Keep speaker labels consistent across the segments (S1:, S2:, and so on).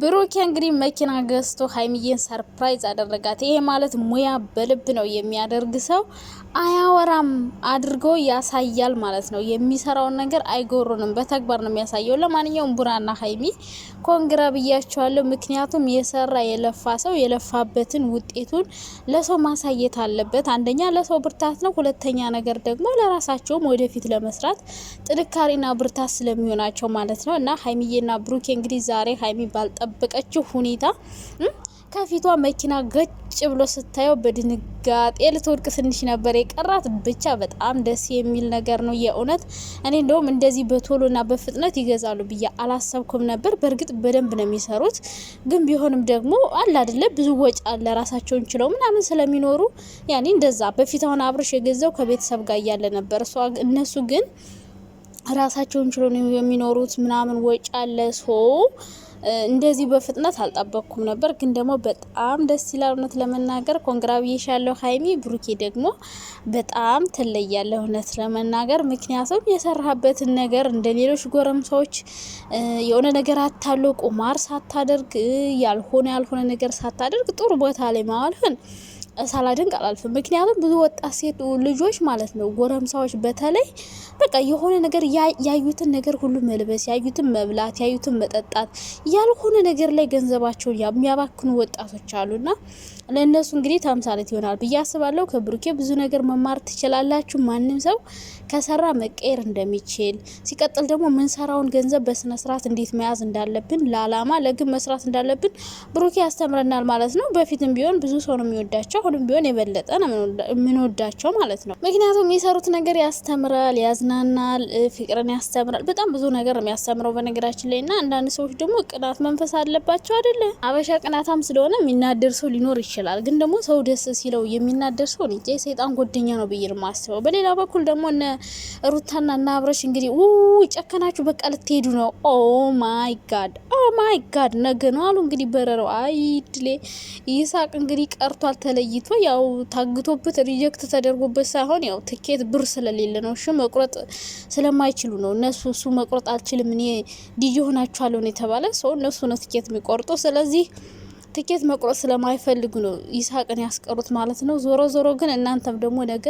S1: ብሩኬ እንግዲህ መኪና ገዝቶ ሀይሚዬን ሰርፕራይዝ አደረጋት። ይሄ ማለት ሙያ በልብ ነው የሚያደርግ ሰው አያወራም አድርጎ ያሳያል ማለት ነው። የሚሰራውን ነገር አይጎሩንም፣ በተግባር ነው የሚያሳየው። ለማንኛውም ቡራና ሀይሚ ኮንግራ ብያቸዋለሁ። ምክንያቱም የሰራ የለፋ ሰው የለፋበትን ውጤቱን ለሰው ማሳየት አለበት። አንደኛ ለሰው ብርታት ነው፣ ሁለተኛ ነገር ደግሞ ለራሳቸውም ወደፊት ለመስራት ጥንካሬና ብርታት ስለሚሆናቸው ማለት ነው እና ሀይሚዬና ብሩኬ እንግዲህ ዛሬ ሀይሚ ባልጠ ባልጠበቀችው ሁኔታ ከፊቷ መኪና ገጭ ብሎ ስታየው በድንጋጤ ልትወድቅ ትንሽ ነበር የቀራት። ብቻ በጣም ደስ የሚል ነገር ነው የእውነት። እኔ እንደውም እንደዚህ በቶሎና በፍጥነት ይገዛሉ ብዬ አላሰብኩም ነበር። በእርግጥ በደንብ ነው የሚሰሩት፣ ግን ቢሆንም ደግሞ አለ አደለ ብዙ ወጪ አለ ራሳቸውን ችለው ምናምን ስለሚኖሩ ያኔ እንደዛ። በፊት አሁን አብርሽ የገዛው ከቤተሰብ ጋር እያለ ነበር። እነሱ ግን ራሳቸውን ችሎ ነው የሚኖሩት። ምናምን ወጪ አለ ሶ እንደዚህ በፍጥነት አልጠበቅኩም ነበር፣ ግን ደግሞ በጣም ደስ ይላል። እውነት ለመናገር ኮንግራ ብዬሻለሁ ሀይሚ። ብሩኬ ደግሞ በጣም ትለያለህ፣ እውነት ለመናገር ምክንያቱም የሰራህበትን ነገር እንደ ሌሎች ጎረምሳዎች የሆነ ነገር አታሎ ቁማር ሳታደርግ ያልሆነ ያልሆነ ነገር ሳታደርግ ጥሩ ቦታ ላይ ማዋልህን ሳላደንቅ አላልፍም። ምክንያቱም ብዙ ወጣት ሴት ልጆች ማለት ነው ጎረምሳዎች በተለይ በቃ የሆነ ነገር ያዩትን ነገር ሁሉ መልበስ፣ ያዩትን መብላት፣ ያዩትን መጠጣት፣ ያልሆነ ነገር ላይ ገንዘባቸውን የሚያባክኑ ወጣቶች አሉና ለእነሱ እንግዲህ ተምሳሌት ይሆናል ብዬ አስባለሁ። ከብሩኬ ብዙ ነገር መማር ትችላላችሁ። ማንም ሰው ከሰራ መቀየር እንደሚችል ሲቀጥል ደግሞ ምንሰራውን ገንዘብ በስነስርዓት እንዴት መያዝ እንዳለብን ለአላማ ለግብ መስራት እንዳለብን ብሩኬ ያስተምረናል ማለት ነው። በፊትም ቢሆን ብዙ ሰው ነው የሚወዳቸው አሁንም ቢሆን የበለጠ ነው የምንወዳቸው ማለት ነው። ምክንያቱም የሚሰሩት ነገር ያስተምራል፣ ያዝናናል፣ ፍቅርን ያስተምራል። በጣም ብዙ ነገር ነው የሚያስተምረው በነገራችን ላይ እና አንዳንድ ሰዎች ደግሞ ቅናት መንፈስ አለባቸው አይደለ? አበሻ ቅናታም ስለሆነ የሚናደር ሰው ሊኖር ይችላል። ግን ደግሞ ሰው ደስ ሲለው የሚናደር ሰው እንጂ ሰይጣን ጓደኛ ነው ብዬ ማስበው። በሌላ በኩል ደግሞ እነ ሩታና እና አብረሽ እንግዲህ ጨከናችሁ በቃ ልትሄዱ ነው። ኦ ማይ ጋድ ኦ ማይ ጋድ ነገ ነው አሉ እንግዲህ በረረው አይድሌ ይሳቅ እንግዲህ ቀርቷል ተለየ ተለይቶ ያው ታግቶበት ሪጀክት ተደርጎበት ሳይሆን ያው ትኬት ብር ስለሌለ ነው። እሺ መቁረጥ ስለማይችሉ ነው እነሱ እሱ መቁረጥ አልችልም እኔ ዲጄ ሆናችኋለሁ ነው የተባለ ሰው እነሱ ነው ትኬት የሚቆርጡ ስለዚህ ትኬት መቁረጥ ስለማይፈልጉ ነው ይስሐቅን ያስቀሩት ማለት ነው። ዞሮ ዞሮ ግን እናንተም ደግሞ ነገ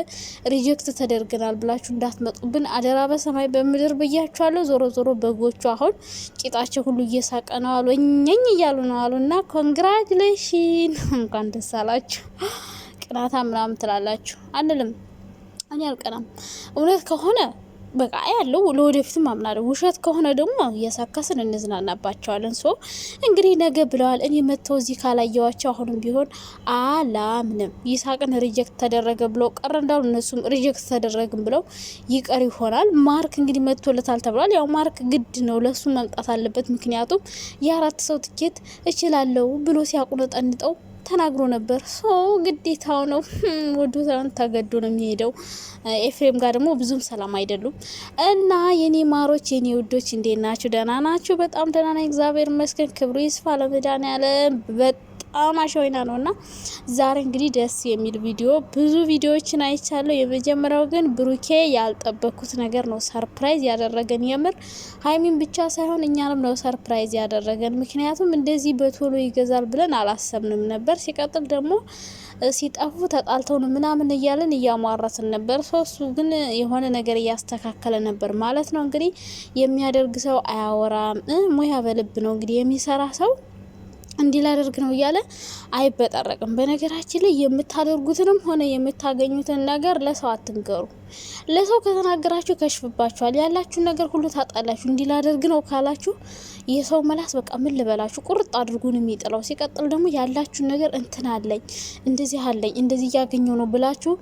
S1: ሪጀክት ተደርገናል ብላችሁ እንዳትመጡብን አደራ በሰማይ በምድር ብያችኋለሁ። ዞሮ ዞሮ በጎቹ አሁን ቂጣቸው ሁሉ እየሳቀ ነው አሉ እኛኝ እያሉ ነው አሉ እና ኮንግራጁሌሽን እንኳን ደስ አላችሁ። ቅናታ ምናምን ትላላችሁ አንልም። እኔ አልቀናም እውነት ከሆነ በቃ ያለው ለወደፊቱም አምናለሁ። ውሸት ከሆነ ደግሞ እያሳካስን እንዝናናባቸዋለን። ሶ እንግዲህ ነገ ብለዋል። እኔ መጥተው እዚህ ካላየዋቸው አሁንም ቢሆን አላምንም። ይሳቅን ሪጀክት ተደረገ ብለው ቀረ እንዳሉ እነሱም ሪጀክት ተደረግም ብለው ይቀር ይሆናል። ማርክ እንግዲህ መጥቶለታል ተብሏል። ያው ማርክ ግድ ነው ለሱ መምጣት አለበት። ምክንያቱም የአራት ሰው ትኬት እችላለሁ ብሎ ሲያቁነጠንጠው ተናግሮ ነበር። ሰው ግዴታው ነው ወዱ ተገዶ ነው የሚሄደው። ኤፍሬም ጋር ደግሞ ብዙም ሰላም አይደሉም። እና የኔ ማሮች የኔ ውዶች እንዴት ናችሁ? ደህና ናችሁ? በጣም ደህና ነኝ፣ እግዚአብሔር ይመስገን። ክብሩ ይስፋ በጣም አማሽ ወይና ነው እና ዛሬ እንግዲህ ደስ የሚል ቪዲዮ ብዙ ቪዲዮዎችን አይቻለሁ። የመጀመሪያው ግን ብሩኬ ያልጠበኩት ነገር ነው ሰርፕራይዝ ያደረገን። የምር ሀይሚን ብቻ ሳይሆን እኛንም ነው ሰርፕራይዝ ያደረገን። ምክንያቱም እንደዚህ በቶሎ ይገዛል ብለን አላሰብንም ነበር። ሲቀጥል ደግሞ ሲጠፉ ተጣልተውን ምናምን እያለን እያሟረትን ነበር። ሶሱ ግን የሆነ ነገር እያስተካከለ ነበር ማለት ነው። እንግዲህ የሚያደርግ ሰው አያወራም፣ ሙያ በልብ ነው እንግዲህ የሚሰራ ሰው እንዲህ ላደርግ ነው እያለ አይበጠረቅም። በነገራችን ላይ የምታደርጉትንም ሆነ የምታገኙትን ነገር ለሰው አትንገሩ። ለሰው ከተናገራችሁ ከሽፍባችኋል። ያላችሁን ነገር ሁሉ ታጣላችሁ። እንዲህ ላደርግ ነው ካላችሁ የሰው መላስ በቃ ምን ልበላችሁ፣ ቁርጥ አድርጉን የሚጥለው ሲቀጥል ደግሞ ያላችሁን ነገር እንትን አለኝ እንደዚህ አለኝ እንደዚህ እያገኘው ነው ብላችሁ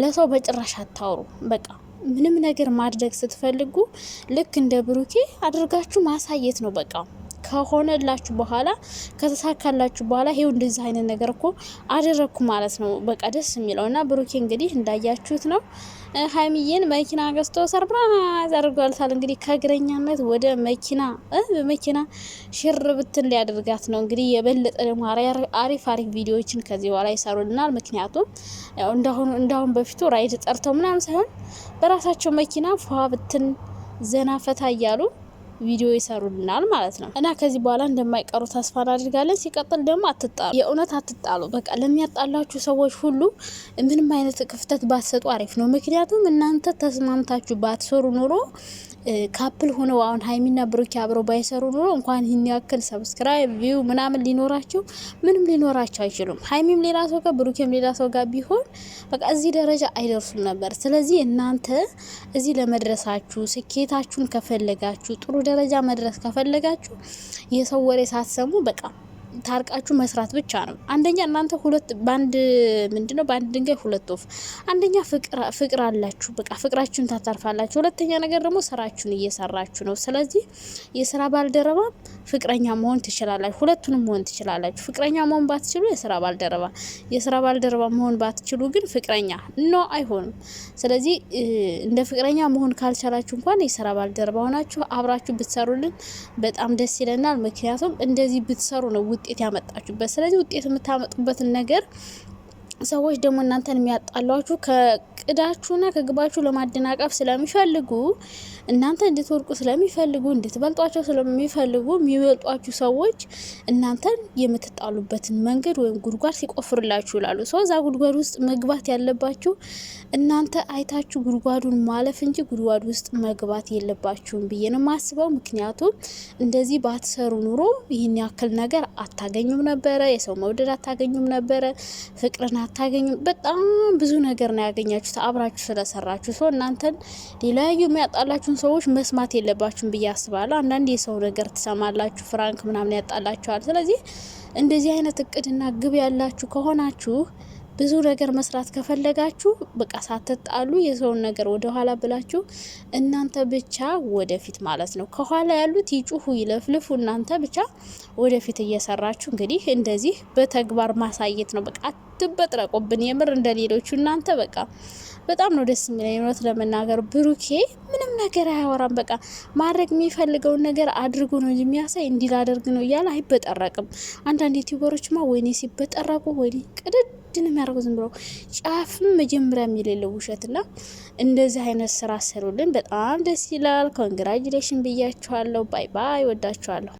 S1: ለሰው በጭራሽ አታውሩ። በቃ ምንም ነገር ማድረግ ስትፈልጉ ልክ እንደ ብሩኬ አድርጋችሁ ማሳየት ነው በቃ ከሆነላችሁ በኋላ ከተሳካላችሁ በኋላ ይሄው እንደዚህ አይነት ነገር እኮ አደረግኩ ማለት ነው። በቃ ደስ የሚለው እና ብሩኬ እንግዲህ እንዳያችሁት ነው ሀይሚዬን መኪና ገዝቶ ሰርፕራይዝ አድርጓታል። እንግዲህ ከእግረኛነት ወደ መኪና በመኪና ሽር ብትን ሊያደርጋት ነው። እንግዲህ የበለጠ ደግሞ አሪፍ አሪፍ ቪዲዮዎችን ከዚህ በኋላ ይሰሩልናል። ምክንያቱም እንዳሁን በፊቱ ራይድ ጠርተው ምናምን ሳይሆን በራሳቸው መኪና ፏ ብትን ዘና ፈታ እያሉ ቪዲዮ ይሰሩልናል ማለት ነው እና ከዚህ በኋላ እንደማይቀሩ ተስፋ እናደርጋለን። ሲቀጥል ደግሞ አትጣሉ፣ የእውነት አትጣሉ። በቃ ለሚያጣላችሁ ሰዎች ሁሉ ምንም አይነት ክፍተት ባትሰጡ አሪፍ ነው። ምክንያቱም እናንተ ተስማምታችሁ ባትሰሩ ኑሮ ካፕል ሆነው አሁን ሀይሚና ብሩኪ አብረው ባይሰሩ ኑሮ እንኳን ይህን ያክል ሰብስክራይብ ቪው ምናምን ሊኖራቸው ምንም ሊኖራቸው አይችሉም። ሀይሚም ሌላ ሰው ጋር ብሩኪም ሌላ ሰው ጋር ቢሆን በቃ እዚህ ደረጃ አይደርሱም ነበር። ስለዚህ እናንተ እዚህ ለመድረሳችሁ ስኬታችሁን ከፈለጋችሁ ጥሩ ደረጃ መድረስ ከፈለጋችሁ የሰው ወሬ ሳትሰሙ በቃ ታርቃችሁ መስራት ብቻ ነው። አንደኛ እናንተ ሁለት በአንድ ምንድነው በአንድ ድንጋይ ሁለት ወፍ፣ አንደኛ ፍቅር አላችሁ፣ በቃ ፍቅራችሁን ታታርፋላችሁ። ሁለተኛ ነገር ደግሞ ስራችሁን እየሰራችሁ ነው። ስለዚህ የስራ ባልደረባ ፍቅረኛ መሆን ትችላላችሁ፣ ሁለቱንም መሆን ትችላላችሁ። ፍቅረኛ መሆን ባትችሉ የስራ ባልደረባ፣ የስራ ባልደረባ መሆን ባትችሉ ግን ፍቅረኛ ኖ አይሆንም። ስለዚህ እንደ ፍቅረኛ መሆን ካልቻላችሁ እንኳን የስራ ባልደረባ ሆናችሁ አብራችሁ ብትሰሩልን በጣም ደስ ይለናል። ምክንያቱም እንደዚህ ብትሰሩ ነው ውጤ ውጤት ያመጣችሁበት። ስለዚህ ውጤት የምታመጡበትን ነገር ሰዎች ደግሞ እናንተን የሚያጣሏችሁ ከቅዳችሁና ከግባችሁ ለማደናቀፍ ስለሚፈልጉ እናንተ እንድትወድቁ ስለሚፈልጉ እንድትበልጧቸው ስለሚፈልጉ የሚበልጧችሁ ሰዎች እናንተን የምትጣሉበትን መንገድ ወይም ጉድጓድ ሲቆፍርላችሁ ይላሉ። ሰው እዛ ጉድጓድ ውስጥ መግባት ያለባችሁ እናንተ አይታችሁ ጉድጓዱን ማለፍ እንጂ ጉድጓድ ውስጥ መግባት የለባችሁም ብዬ ነው የማስበው። ምክንያቱም እንደዚህ ባትሰሩ ኑሮ ይህን ያክል ነገር አታገኙም ነበረ። የሰው መውደድ አታገኙም ነበረ። ፍቅርን አታገኙም። በጣም ብዙ ነገር ነው ያገኛችሁት አብራችሁ ስለሰራችሁ ሰው እናንተን ሌላዩ የሚያጣላችሁን ሰዎች መስማት የለባችሁም ብዬ አስባለሁ። አንዳንድ የሰው ነገር ትሰማላችሁ፣ ፍራንክ ምናምን ያጣላችኋል። ስለዚህ እንደዚህ አይነት እቅድና ግብ ያላችሁ ከሆናችሁ ብዙ ነገር መስራት ከፈለጋችሁ በቃ ሳትጣሉ የሰውን ነገር ወደኋላ ብላችሁ እናንተ ብቻ ወደፊት ማለት ነው። ከኋላ ያሉት ይጩሁ ይለፍልፉ፣ እናንተ ብቻ ወደፊት እየሰራችሁ እንግዲህ እንደዚህ በተግባር ማሳየት ነው። በቃ አትበጥረቁብን። የምር እንደ ሌሎቹ እናንተ በቃ በጣም ነው ደስ የሚለኝ እውነት ለመናገር ብሩኬ ምንም ነገር አያወራም። በቃ ማድረግ የሚፈልገውን ነገር አድርጎ ነው የሚያሳይ እንዲላደርግ ነው እያለ አይበጠረቅም። አንዳንድ ዩቲዩበሮችማ ወይኔ ሲበጠረቁ ወይኔ ቅድድ ነው የሚያደርገው ዝም ብሎ ጫፍም መጀመሪያ የሌለው ውሸት ና እንደዚህ አይነት ስራ ሰሩልን። በጣም ደስ ይላል። ኮንግራጁሌሽን ብያችኋለሁ። ባይ ባይ። ወዳችኋለሁ።